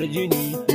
what did you need?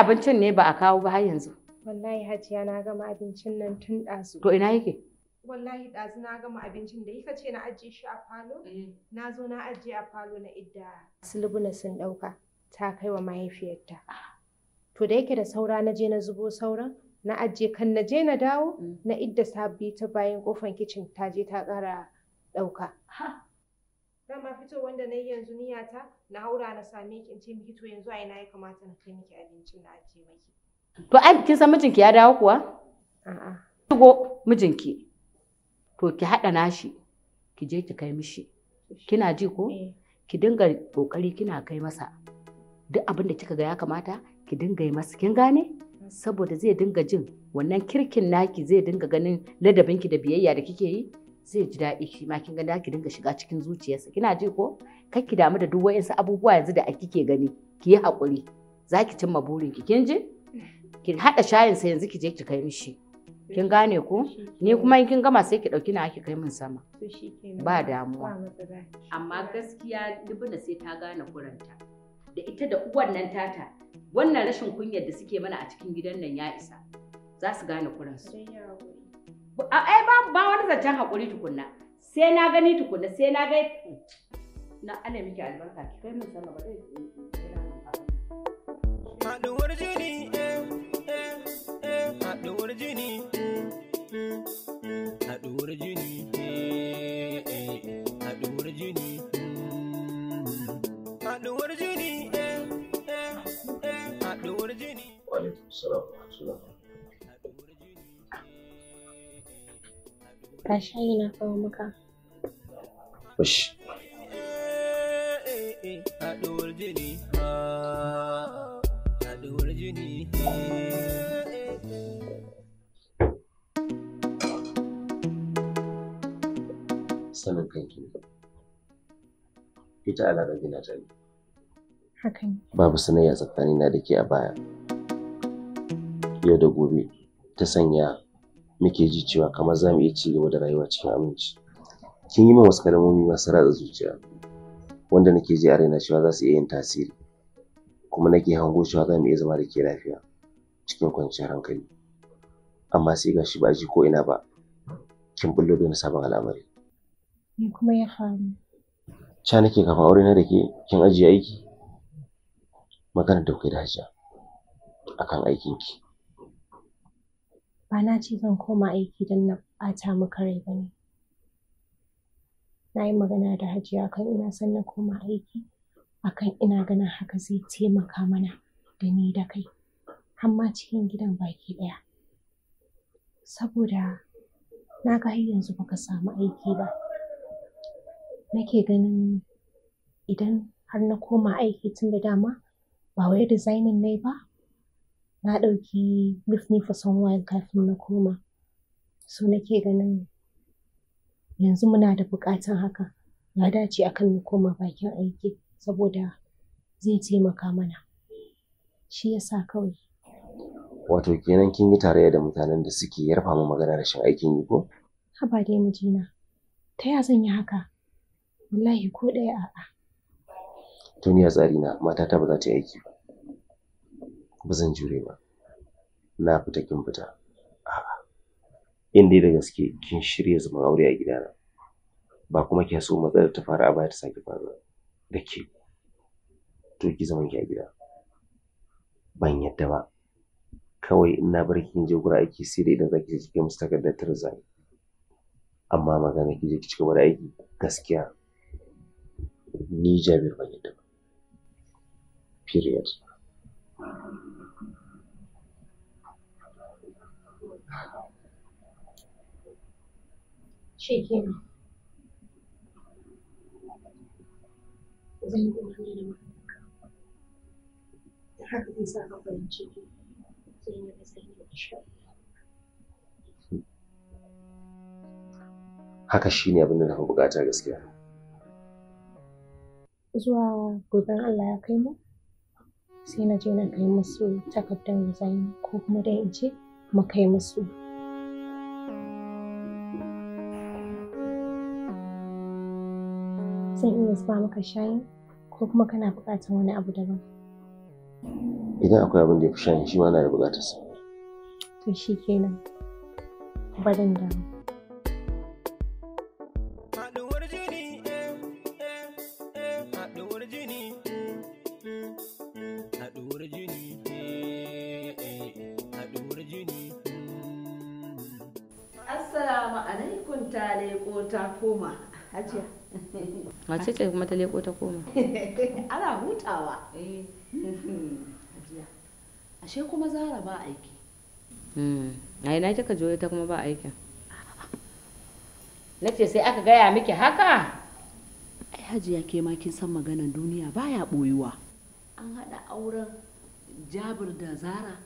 abincin ne ba a kawo ba har yanzu. Wallahi hajiya na gama abincin nan tun ɗazu. To ina yake? Wallahi ɗazu na gama abincin da kika ce na ajiye shi a falo? Eh. Na zo na ajiye a falo na idda. Sulubuna sun ɗauka ta kai wa mahaifiyarta. To da yake da saura na je na zubo sauran na ajiye kan na je na dawo mm. na idda sabbi ta bayan kofan kicin ta je ta ƙara ɗauka. dama fito wanda na yi yanzu niyata na haura na same ki in ce miki to yanzu ai ina ya kamata na kai miki abincin na ake miki. To ai kin san mijinki ya dawo kuwa? A'a. Shigo mijinki. To ki haɗa nashi ki je ki kai mishi. Kina ji ko? Eh. Ki dinga kokari kina kai masa. Duk abin da kika ga ya kamata ki dinga yi masa kin gane? Saboda zai dinga jin wannan kirkin naki zai dinga ganin ladabinki da biyayya da kike yi zai ji daɗi shi ma kin ga ki dinga shiga cikin zuciyarsa kina ji ko kar ki damu da duk wa'insu abubuwa yanzu da a kike gani ki yi haƙuri za ki cimma burin ki kin ji ki haɗa shayin sa yanzu ki je ki kai mishi kin gane ko ni kuma in kin gama sai ki ɗauki na ki kai min sama ba damuwa amma gaskiya dubuna sai ta gane kuranta da ita da uwan nan tata wannan rashin kunyar da suke mana a cikin gidan nan ya isa za su gane kuransu ai ba ba wani zancen haƙuri tukunna sai na gani tukunna sai na ga na miki albarka ki kai ba dai. Haɗuwar Wa alaikum salam wa Ga na kawo maka. Ush. Haɗuwar jini, haɗuwar jini. Sanin kanki ne. Ita alaƙa gina ta ne. Hakan. Babu sanayya tsakanina da ke a baya. Yau da gobe ta sanya muke ji cewa kamar za mu iya ci gaba da rayuwa cikin aminci kin yi min wasu kalmomi masu ratsa zuciya wanda nake ji a raina cewa za su iya yin tasiri kuma nake hango cewa za mu iya zama da ke lafiya cikin kwanciyar hankali amma sai gashi ba ji ko ina ba kin bullo da sabon al'amari me kuma ya faru ca nake kafin aure na da ke kin ajiye aiki magana da kai da hajiya akan aikinki ba na ce zan koma aiki don na ɓata maka rai ba ne na yi magana da hajiya kan ina son na koma aiki akan ina ganin haka zai taimaka mana da ni da kai har ma cikin gidan baki ɗaya saboda na ga har yanzu baka samu aiki ba nake ganin idan har na koma aiki tun da dama ba wai resigning ne ba na ɗauki duk ne for kafin na koma so nake ganin yanzu muna da buƙatar haka ya dace akan na koma bakin aiki saboda zai taimaka mana shi yasa kawai wato kenan kin yi tarayya da mutanen da suke yarfa mu magana rashin aikin yi ko haba dai mijina ta ya zan yi haka wallahi ko ɗaya a'a tuniya tsari na mata ta ba za ta yi aiki ba ba zan jure ba na fita kin fita a'a in dai da gaske kin shirya zaman aure a gidana ba kuma kya so matsalar ta fara a baya ta sake faruwa da ke to ki zaman ki a gida ban yadda ba kawai in na bar kin je gura aiki sai da idan zaki je kike musu takardar zane, amma magana ki je ki cika da aiki gaskiya ni Jabir ban yadda ba period şey haka shi ne abin da na fi bukata gaskiya zuwa gobe Allah ya kai mu sai na je na kai musu takardar resign ko kuma da ya ce mu kai musu zan iya zuba maka shayi ko kuma kana buƙatar wani abu daban idan akwai abin da ya fi shayin shi ma na da buƙatar sa to shi kenan barin da Assalamu alaikum ta leko ta koma. Hajiya. mace ce kuma ta leko ta koma ana hutawa eh. ashe kuma zara ba aiki hmm. a ina kika joye ta kuma ba aikin nace sai aka gaya miki haka ai hajiya ke ma kin san maganan duniya baya boyuwa an hada auren jabir da zara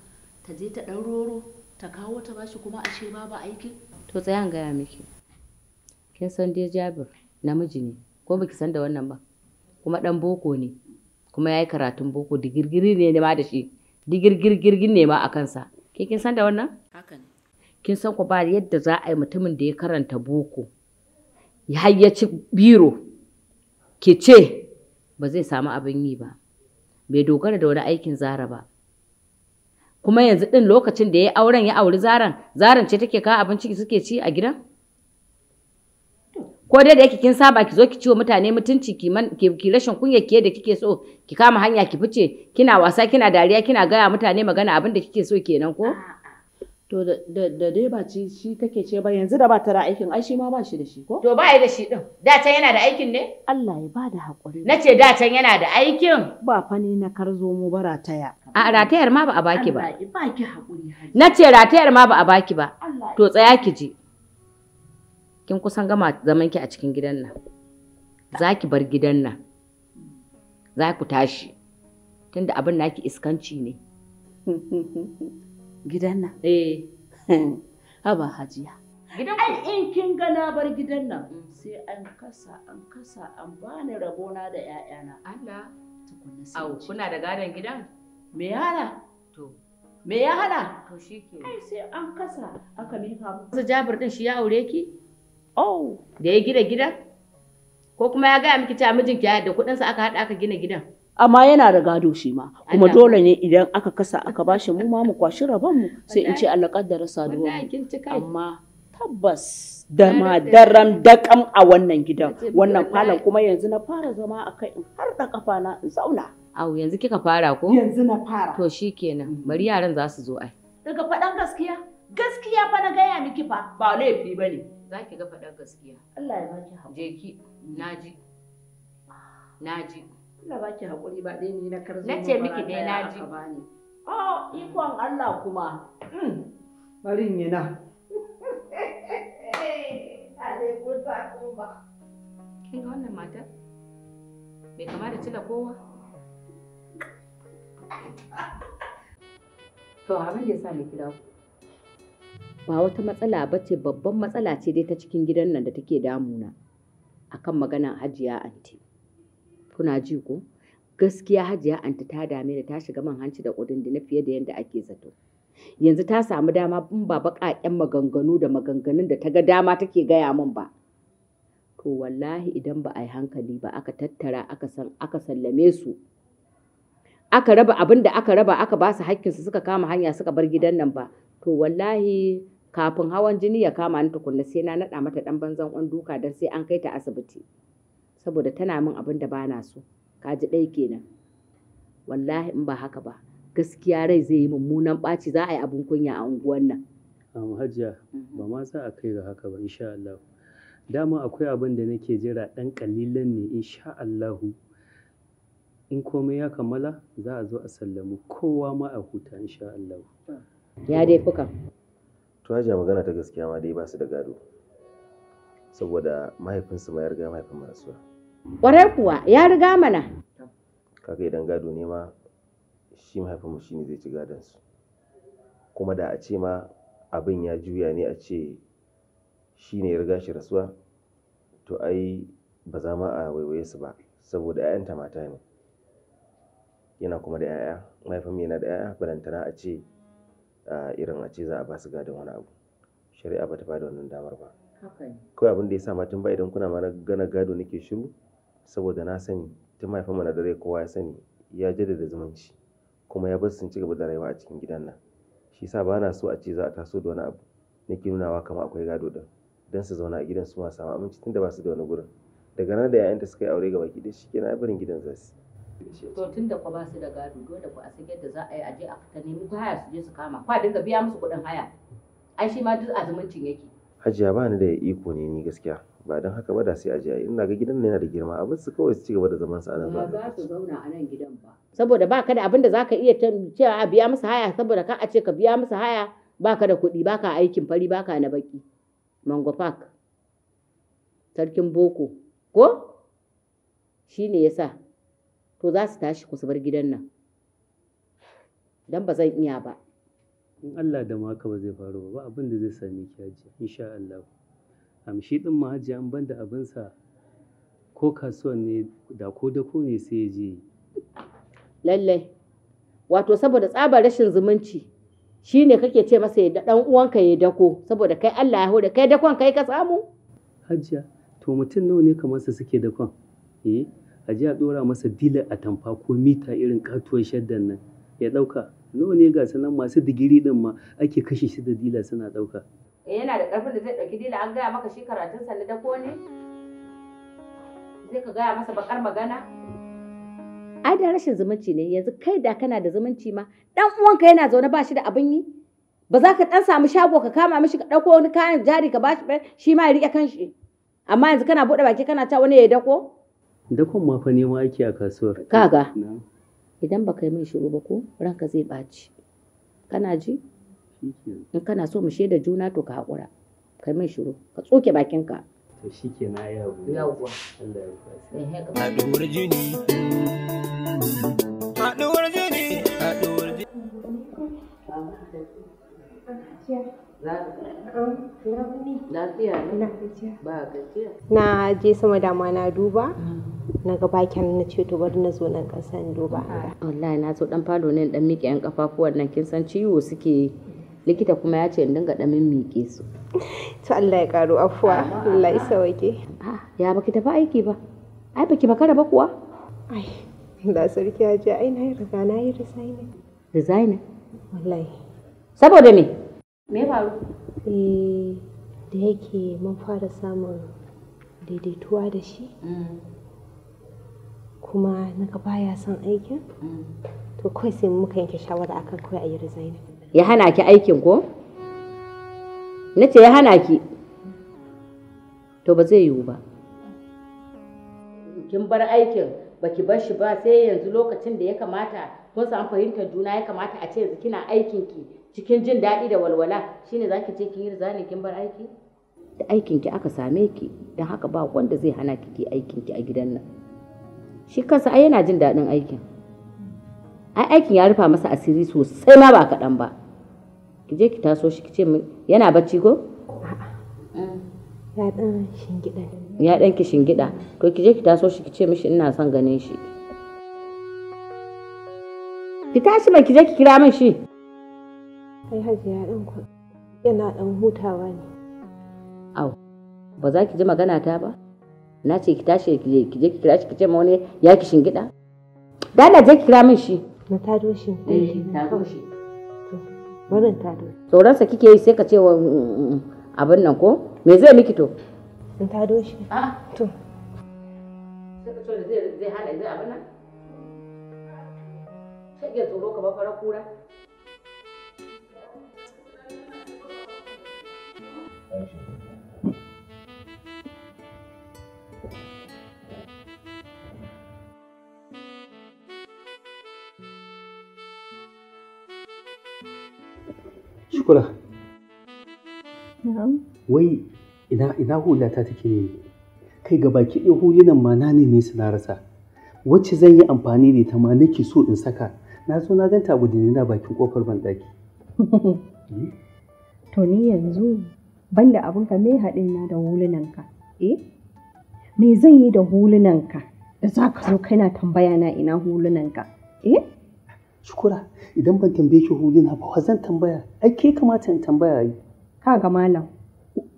ta je ta dan roro ta kawo ta bashi kuma ashe ba ba aikin to tsayan gaya miki kin san dai jabir namiji ne ko baki san da wannan ba kuma dan boko ne kuma yayi karatun boko digirgiri ne ma da shi digirgirgirgin ne ma a kansa ke kin san da wannan haka ne kin san ku ba yadda za a yi mutumin da ya karanta boko ya hayyaci biro ke ce ba zai samu abin yi ba bai dogara da wani aikin zara ba kuma yanzu din lokacin da ya yi auren ya auri zaran zaran ce take kawo abinci suke ci a gidan ko dai da yake kin saba ki zo ki ciwo mutane mutunci ki rashin kunya ke da kike so ki kama hanya ki fice kina wasa kina dariya kina gaya mutane magana abin da kike so kenan ko to da dai ba ci shi take ce ba yanzu da ba ta da aikin ai shi ma ba shi da shi ko to ba ya da shi din da ta yana da aikin ne Allah ya bada hakuri nace da ta yana da aikin ba fa na karzo mu ba rataya a ratayar ma ba a baki ba Allah ya baki hakuri nace ratayar ma ba a baki ba to tsaya ki ji kin kusan gama zaman ki a cikin gidan nan za ki bar gidan nan za ku tashi tunda abin naki iskanci ne gidan nan eh haba hajiya ai in kin ga na bar gidan nan sai an kasa an kasa an bani rabona da ƴaƴana Allah au kuna da gadon gidan me yara to me ya hada to sai an kasa aka mika muku jabir din shi ya aure ki Oh, da ya gina gidan? Ko kuma ya gaya miki cewa mijinki ya da kuɗinsa aka haɗa aka gina gidan? Amma yana da gado shi ma, kuma dole ne idan aka kasa aka bashi mu ma mu kwashi rabon mu sai in ce Allah kaddara saduwa. Amma tabbas da ma daram a wannan gidan, wannan falon kuma yanzu na fara zama a kai in har da kafana in zauna. Au yanzu kika fara ko? Yanzu na fara. To shikenan, mm. bari yaran za su zo ai. Daga faɗan gaskiya, gaskiya fa na gaya miki fa ba laifi bane za ki ga faɗar gaskiya. Allah ya baki haƙuri. Je ki, naji. Naji. Allah baki haƙuri ba dai ni na karzo. Na ce miki dai naji. Oh, ikon Allah kuma. Hmm. Bari ni na. Kin ga wannan mata? Bai kama da cila kowa? To, abin da ya sa ni kira ku. ba wata matsala ba ce babban matsala ce dai ta cikin gidan nan da take damuna a kan maganar hajiya anti kuna ji ko gaskiya hajiya anti ta dame da ta shiga man hanci da na fiye da yadda ake zato yanzu ta samu dama in ba baƙaƙen maganganu da maganganun da ta ga dama take gaya min ba to wallahi idan ba a yi hankali ba aka tattara aka sallame su aka raba abin da aka raba aka ba su haƙƙinsu suka kama hanya suka bar gidan nan ba to wallahi kafin hawan jini ya kama ni tukunna sai na naɗa mata ɗan banzan ƙwan duka don sai an kai ta asibiti saboda tana min abin da bana so kaji ɗaya kenan wallahi in ba haka ba gaskiya rai zai yi mummunan ɓaci za a yi abun kunya a unguwan nan hajiya mhm. ba ma za a kai ga haka ba insha Allah dama akwai abin da nake jira ɗan kalilan ne insha Allah in komai ya kammala za a zo a sallamu kowa ma a huta insha Allah ya dai fuka to magana ta gaskiya ma dai ba su da gado saboda mahaifinsu ma ya riga mahaifin marasuwa ƙwarai kuwa ya riga mana kaga idan gado ne ma shi mahaifinmu shi ne zai ci gadon su kuma da a ce ma abin ya juya ne a ce shi ya riga shi rasuwa to ai ba za ma a waiwaye su ba saboda 'ya'yanta mata ne yana kuma da 'ya'ya mahaifinmu yana da 'ya'ya balantana a ce irin a ce za a ba su gadon wani abu shari'a ba ta ba da wannan damar ba kawai abin da ya sa ma tun ba idan kuna ma gana gado nake shiru saboda na sani tun mahaifin mana dare kowa ya sani ya jaddada zumunci kuma ya bar sun ci gaba da rayuwa a cikin gidan nan shi sa ba na so a ce za a taso da wani abu nake nunawa kamar akwai gado din don su zauna a gidan su ma samu aminci tun da ba su da wani gurin daga nan da 'ya'yanta suka yi aure gaba ki ɗaya shi kenan barin gidan za da to tun da ku ba su da gado dole ku a san da za a yi a je a fita nemi ku haya su je su kama kwa dinga biya musu kuɗin haya ai shi ma duk azumuncin yake hajiya ba ni da iko ne ni gaskiya ba don haka ba da sai a je ina ga gidan yana da girma abin su kawai su ci gaba da zaman su a nan ba za su zauna a nan gidan ba saboda baka da abin da zaka iya cewa a biya musu haya saboda ka a ce ka biya musu haya baka da kuɗi baka aikin fari baka na baki mango park sarkin boko ko shi shine yasa to za su tashi ku bar gidan nan dan ba zan iya ba in Allah da ma haka ba zai faru ba abin da zai same ki hajiya insha Allah amshi din ma hajiya an banda abin sa ko kasuwan ne da ko da ko ne sai ya je lallai wato saboda tsabar rashin zumunci shi ne kake ce masa ya dan uwanka ya dako saboda kai Allah ya hore kai dakon kai ka samu hajiya to mutum nawa ne kamar su suke dakon eh a ji a ɗora masa dila a tamfa ko mita irin katuwar shaddan nan ya ɗauka nawa ne ga sanan masu digiri ɗin ma ake kashe shi da dila suna ɗauka. Eh, yana da ƙarfin da zai ɗauki dila an gaya maka shi karatun sannu da ko ne zai ka gaya masa bakar magana. ai da rashin zumunci ne yanzu kai da kana da zumunci ma dan uwanka yana zaune ba shi da abin yi ba za ka dan samu shago ka kama mishi ka dauko wani kayan jari ka ba shi ma ya rike kanshi amma yanzu kana bude baki kana ta wani ya dako Dakon ma fa nema ake a kasuwar. Kaga. Idan ba kai min shiru ba ko ranka zai ɓaci. Kana ji? In kana so mu shaida juna to ka haƙura. Kai min shiru. Ka tsoke bakinka. To shi ke na yi abu. Allah ya eh, kwasa. jini. Haɗuwar jini. jini. na je sama dama na duba mm. na gaba kyan na ce to bari na zo nan kasan duba wallahi na zo dan falo ne dan miƙe yan kafafuwan nan kin san ciwo suke likita kuma ya ce in dinga dan min miƙe su to Allah ya karo afuwa Allah ya sauke ya baki tafi aiki ba ai baki ba makara ba kuwa ai da sarki ya je ai na riga na yi resign resign wallahi saboda me me faru eh, da yake mun fara samun daidaituwa da shi mm. kuma na ga baya son aikin mm. to kawai sai muka yanke shawara akan kawai a yi resign ya hana ki aikin ko na ce ya hana ki to ba zai yiwu ba kin bar aikin baki bar shi ba sai yanzu lokacin da ya kamata kun san fahimtar juna ya kamata a ce yanzu kina aikin ki cikin jin daɗi da walwala shine zaki ce kin yi rizani kin bar aiki da aikin ki aka same ki don haka ba wanda zai hana ki aikin ki a gidan nan shi kansa ai yana jin daɗin aikin ai aikin ya rufa masa asiri sosai ma ba kaɗan ba ki je ki taso shi ki ce min yana bacci ko mm. ya ɗan shingida ya ɗan ki shingida to ki je ki taso shi ki ce mishi ina son ganin shi ki tashi ba ki je ki kira min shi Kai hajiya ɗin ku yana ɗan hutawa ne. Au, ba za ki ji magana ta ba? Na ce ki tashi ki je ki je ki kira shi ki ce ma wani ya ki shingida? Da na je ki kira min shi. Na ta do shi. Eh, do shi. To, barin tado. Tsoronsa kike yi sai ka ce wa mm, mm, mm, abin nan ko? Me zai miki to? Na ta do shi. A'a. Ah. To. Sai ka ce zai hana zai abin nan? Sai ya tsoro ka ba fara kura. Wai ina ina hula ta take ne? Kai ga baki ɗaya hulunan ma na ne su na rasa. Wacce zan yi amfani da ita ma nake so in saka. Na zo na ganta abu da na bakin kofar banɗaki. To ni yanzu banda abinka me haɗin na da hulunanka eh me zan yi da hulunanka da za ka zo kana tambaya na ina hulunanka eh shukura idan ban tambaye ki huluna ba wa zan tambaya ai ke kamata in tambaya yi ka ga malam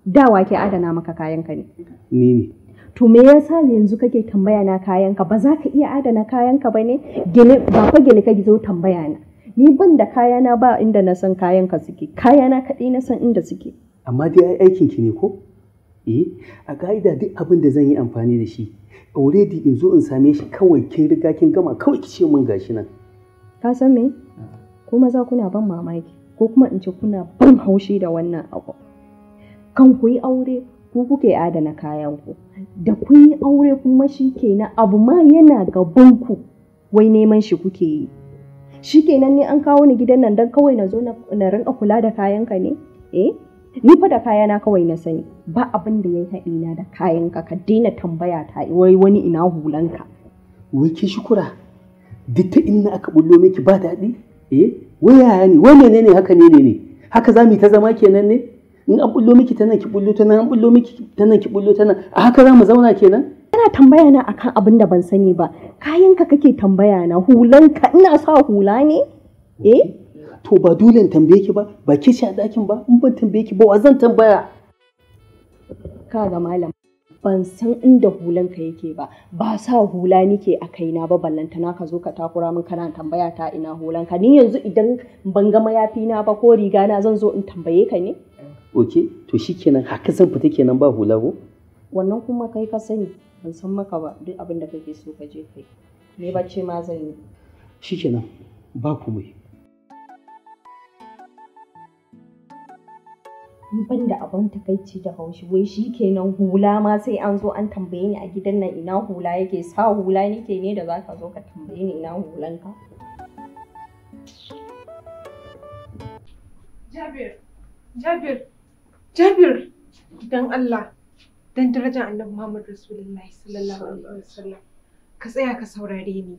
dawa ke adana maka kayanka ne ni ne to me yasa yanzu kake tambaya na kayanka ba za ka iya adana kayanka ba ne ba fa gine ka zo tambaya na ni ban da kayana ba inda na san kayanka suke kayana kaɗai na san inda suke amma dai ai aikin ki ne ko eh a ka'ida duk abin da zan yi amfani da shi already in zo in same shi kawai kin riga kin gama kawai ki ce min gashi nan ka san me ko maza kuna ban mamaki ko kuma in ce kuna ban haushi da wannan abu kan ku yi aure ku kuke adana kayan ku da kun yi aure kuma shi ke na abu ma yana gaban ku wai neman shi kuke yi shi kenan ne an kawo ni gidan nan don kawai na zo na rinka kula da kayan ka ne eh ni fa da kayana kawai na sani ba abin da yi haɗi na da kayanka ka daina tambaya ta wai wani ina hulanka wai ki shukura duk ta inna aka bullo miki ba daɗi eh wai yaya ne wai menene haka ne ne ne haka za mu ta zama kenan ne in an bullo miki tana ki bullo tana an bullo miki tana ki bullo tana a haka za mu zauna kenan kana tambaya na akan abin da ban sani ba kayanka kake tambaya na hulanka ina sa hula ne eh to ba dole in tambaye ki ba ba ke ci a ɗakin ba in ban tambaye ki ba wa zan tambaya Ka ga malam ban san inda hulanka yake ba ba sa hula nike a kaina ba ballantana ka zo ka takura min kana tambaya ta ina hulan ka. ni yanzu idan ban ga mayafi na ba ko riga na zan zo in tambaye ka ne ok to shikenan haka zan fita kenan ba hula ko wannan kuma kai ka sani ban san maka ba duk abin da kake so ka je kai ne ba ce ma zan yi shikenan ba komai ban da abin takaici da haushi wai shi kenan hula ma sai an zo an tambaye ni a gidan nan ina hula yake sa hula nake ne da zaka zo ka tambaye ni ina ka Jabir Jabir Jabir dan Allah dan darajar Annabi Muhammad Rasulullahi sallallahu alaihi wasallam ka tsaya ka saurare ni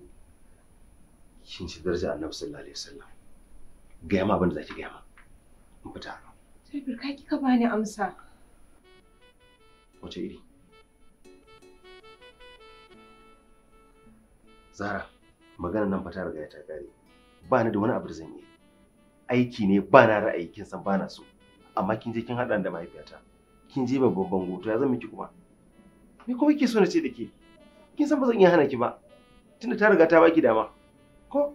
shin shi darajar Annabi sallallahu alaihi wasallam ga yamma abin da zaki ga yamma in fita Sai ka kika bani amsa. Wace iri? Zara, maganar nan fa ta riga ta kare. Ba ni da wani abu da zan yi. Aiki ne ba na ra'ayi kin san ba na so. Amma kin je kin haɗa da mahaifiyata. Kin je babban bango to ya zan miki kuma. Me kuma kike so na ce da ke? Kin san ba zan iya hana ki ba. Tunda ta riga ta baki dama. Ko?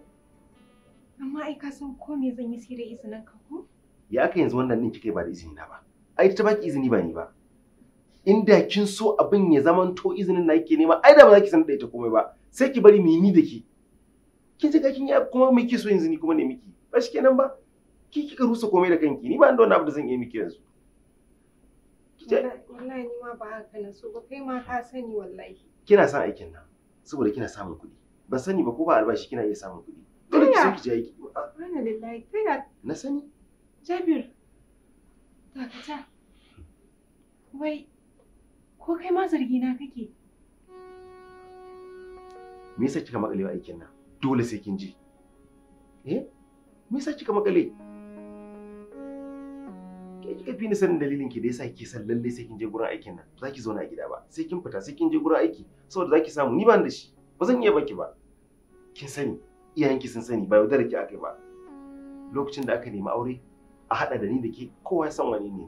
Amma ai ka san ko me zan yi sai da izinin ka ko? ya aka yanzu wannan din kike ba da izini na ba ai ta baki izini ba ni ba inda kin so abin ya zamanto izinin na yake nema ai da ba za ki san da ita komai ba sai ki bari mu ni da ki kin ji kin ya kuma me kike so yanzu ni kuma ne miki ba shi kenan ba ki kika rusa komai da kanki ni ba da wannan abu da zan yi miki yanzu wallahi ni ma ba haka na so ba kai ma ka sani wallahi kina son aikin nan saboda kina samun kuɗi ban sani ba ko ba albashi kina iya samun kuɗi dole ki so ki je aiki na sani Jabir, dakata. Wai, ko kai ma zargina na kake? Me yasa kika makalewa aikin nan? Dole sai kin ji. Eh? Me yasa kika makale? Ke kika fi ni sanin dalilin ki da yasa kike san lalle sai kin je gurin aikin nan. za ki zauna a gida ba. Sai kin fita, sai kin je gurin aiki. Saboda za ki samu ni ba da shi. Ba zan iya baki ba. Kin sani, iyayenki sun sani ba yaudarar ki aka yi ba. Lokacin da aka nemi aure, a haɗa da ni da ke kowa ya san wani ne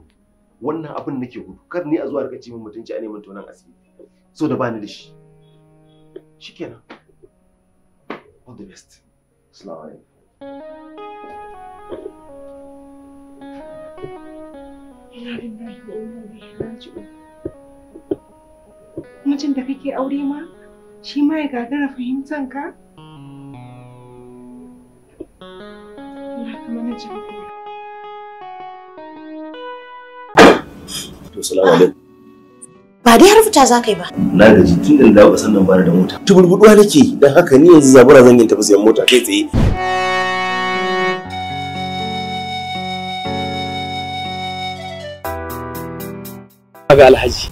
wannan abin nake gudu kar ni a zuwa rika cimin min mutunci a neman tunan asiri so da bani da shi shikenan all the best assalamu alaikum Mutum da kake aure ma shi ma ya gagara fahimtanka? Ya kama na jirgin Assalamu alaikum. Ba dai har fita za ka yi ba. Na gaji tun da dawo kasan nan bara da mota. Tuburbuduwa nake dan haka ni yanzu zabura zan yin tafi sayan mota kai tsaye. Ga Alhaji.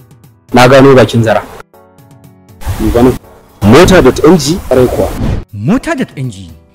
Na gano bakin zara. Mota.ng rai kuwa. Mota da Mota.ng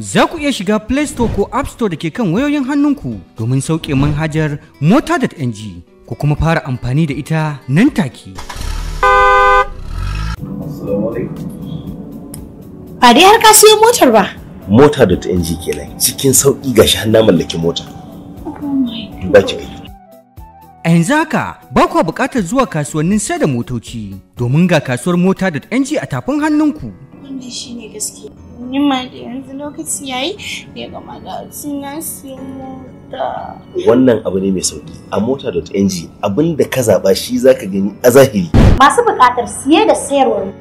za ku iya shiga Play Store ko App Store da ke kan wayoyin hannunku domin sauƙe manhajar mota.ng ku kuma fara amfani da ita nan take. Ba dai har ka siyo motar ba. Mota.ng kenan cikin sauƙi ga shi na mallaki mota. Duba ki gani. A yanzu haka ba kwa buƙatar zuwa kasuwannin sai da motoci domin ga kasuwar mota.ng a tafin hannunku. wannan ne gaske. ni ma da yanzu lokaci ya yi, ya gama na mota wannan abu ne mai sauki a mota.ng abinda ka zaba shi ka gani a zahiri masu buƙatar siye da sayarwa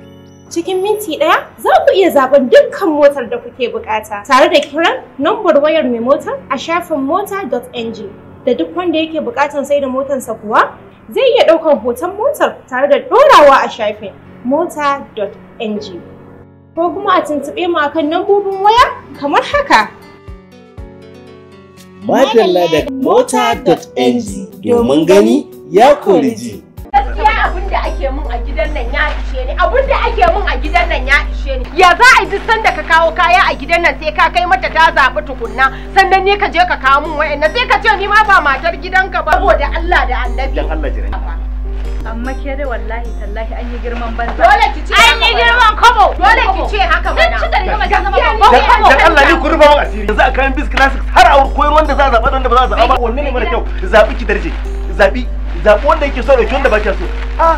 cikin minti ɗaya za ku iya zaben dukkan motar da kuke buƙata, tare da kiran nambar wayar mai motar a shafin mota.ng da duk wanda yake bukatar sai da motarsa kuwa zai iya ɗaukar hoton motar tare da ɗorawa a shafin mota.ng ko kuma a tuntuɓe mu akan lambobin waya kamar haka. Madalla da mota.ng domin gani ya kori ji. Gaskiya abin da ake mun a gidan nan ya ishe ni, abin da ake mun a gidan nan ya ishe ni. Ya za a yi duk sanda ka kawo kaya a gidan nan sai ka kai mata ta zaɓi tukunna, sannan ne ka je ka kawo mun wa'annan sai ka ce ni ma ba matar gidanka ba. Saboda Allah da Annabi. Dan Allah amma ke dai wallahi tallahi an yi girman banza dole ki ce an yi girman kobo dole ki ce haka mana dan ci da rigama ta zama babban kobo dan Allah ni ku rufa mun asiri yanzu a kayan bis classics har a koyar wanda za a zaba wanda ba za a zaba wanne ne mara kyau zabi ki darje zabi zabi wanda yake so da wanda ba ki so ah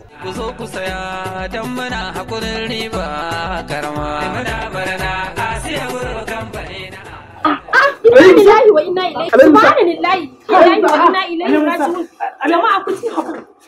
ku zo ku saya don muna hakurin riba karama. Muna barana siya wurin kamfani na. Inna wa inna ilaihi. Subhanallahi. Inna wa inna ilaihi Jama'a ku ci hakuri.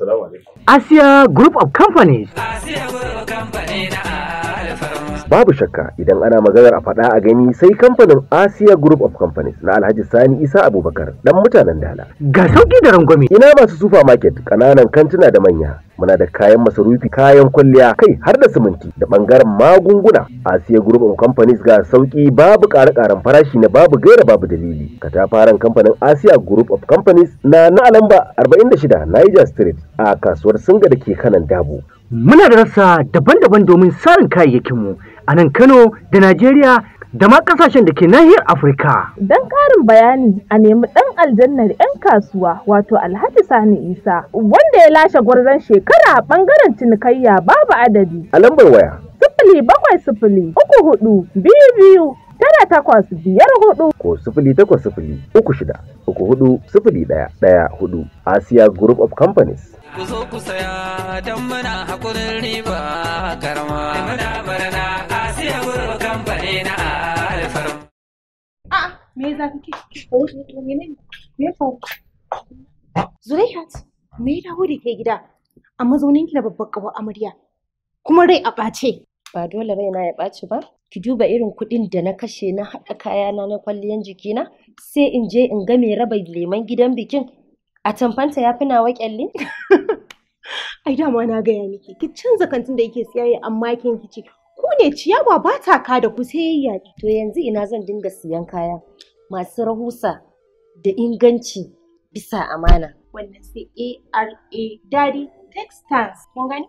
Assalamu a Asia Group of Companies. Asia Group of Companies babu shakka idan ana maganar a faɗa a gani sai kamfanin asia group of companies na alhaji sani isa abubakar dan mutanen dala ga sauki da rangwame ina masu market kananan kantuna da manya muna da kayan masarufi kayan kwalliya kai har da siminti da bangaren magunguna asia group of companies ga sauki babu ƙare farashi na babu gaira babu dalili katafaren kamfanin asia group of companies na na alamba 46 niger street a kasuwar singa da ke kanan dabo muna da rasa daban-daban domin sarin kayayyakinmu a nan Kano da Najeriya da ma kasashen da ke nahiyar Afirka. Don karin bayani a nemi ɗan aljannar 'yan kasuwa wato Alhaji Sani Isa wanda ya lashe gwarzon shekara a ɓangaren cinikayya babu adadi. A lambar waya. Sifili bakwai sifili uku hudu biyu biyu tara takwas biyar hudu ko sifili takwas sifili uku shida uku hudu sifili daya daya hudu Asia Group of Companies. Ku zo ku saya don muna hakurin riba karama. Muna barana Asia Group of Company na alfarma. A ah, me za ka ke? Me faru? Zulaihat, me ya dawo da ke gida a mazauninki da babbar kawo amarya kuma rai a ɓace. ba dole raina ya ɓaci ba ki duba irin kuɗin da na kashe na haɗa kayana na kwalliyan jikina sai in je in ga mai raba leman gidan bikin a tamfanta ya fi nawa kyalli ai dama na gaya miki ki canza kantin da yake siyaye amma kin kici ku ne ciyawa ba ta ka da ku sai ya to yanzu ina zan dinga siyan kaya masu rahusa da inganci bisa amana wannan sai ARA Daddy Textiles kun gani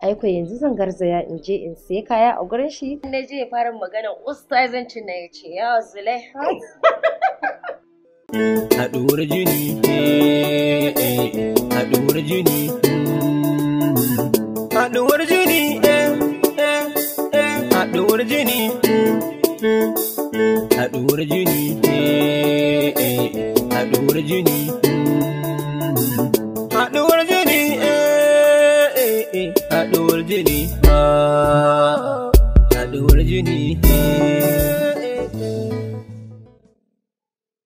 aiko yanzu zan garzaya in je in sai kaya a gurin shi na je fara magana ustazancin na ya ce ya zule haɗuwar jini eh, eh, eh. haɗuwar jini hmm. haɗuwar jini haɗuwar jini hmm. haɗuwar jini haɗuwar jini hmm. Uh...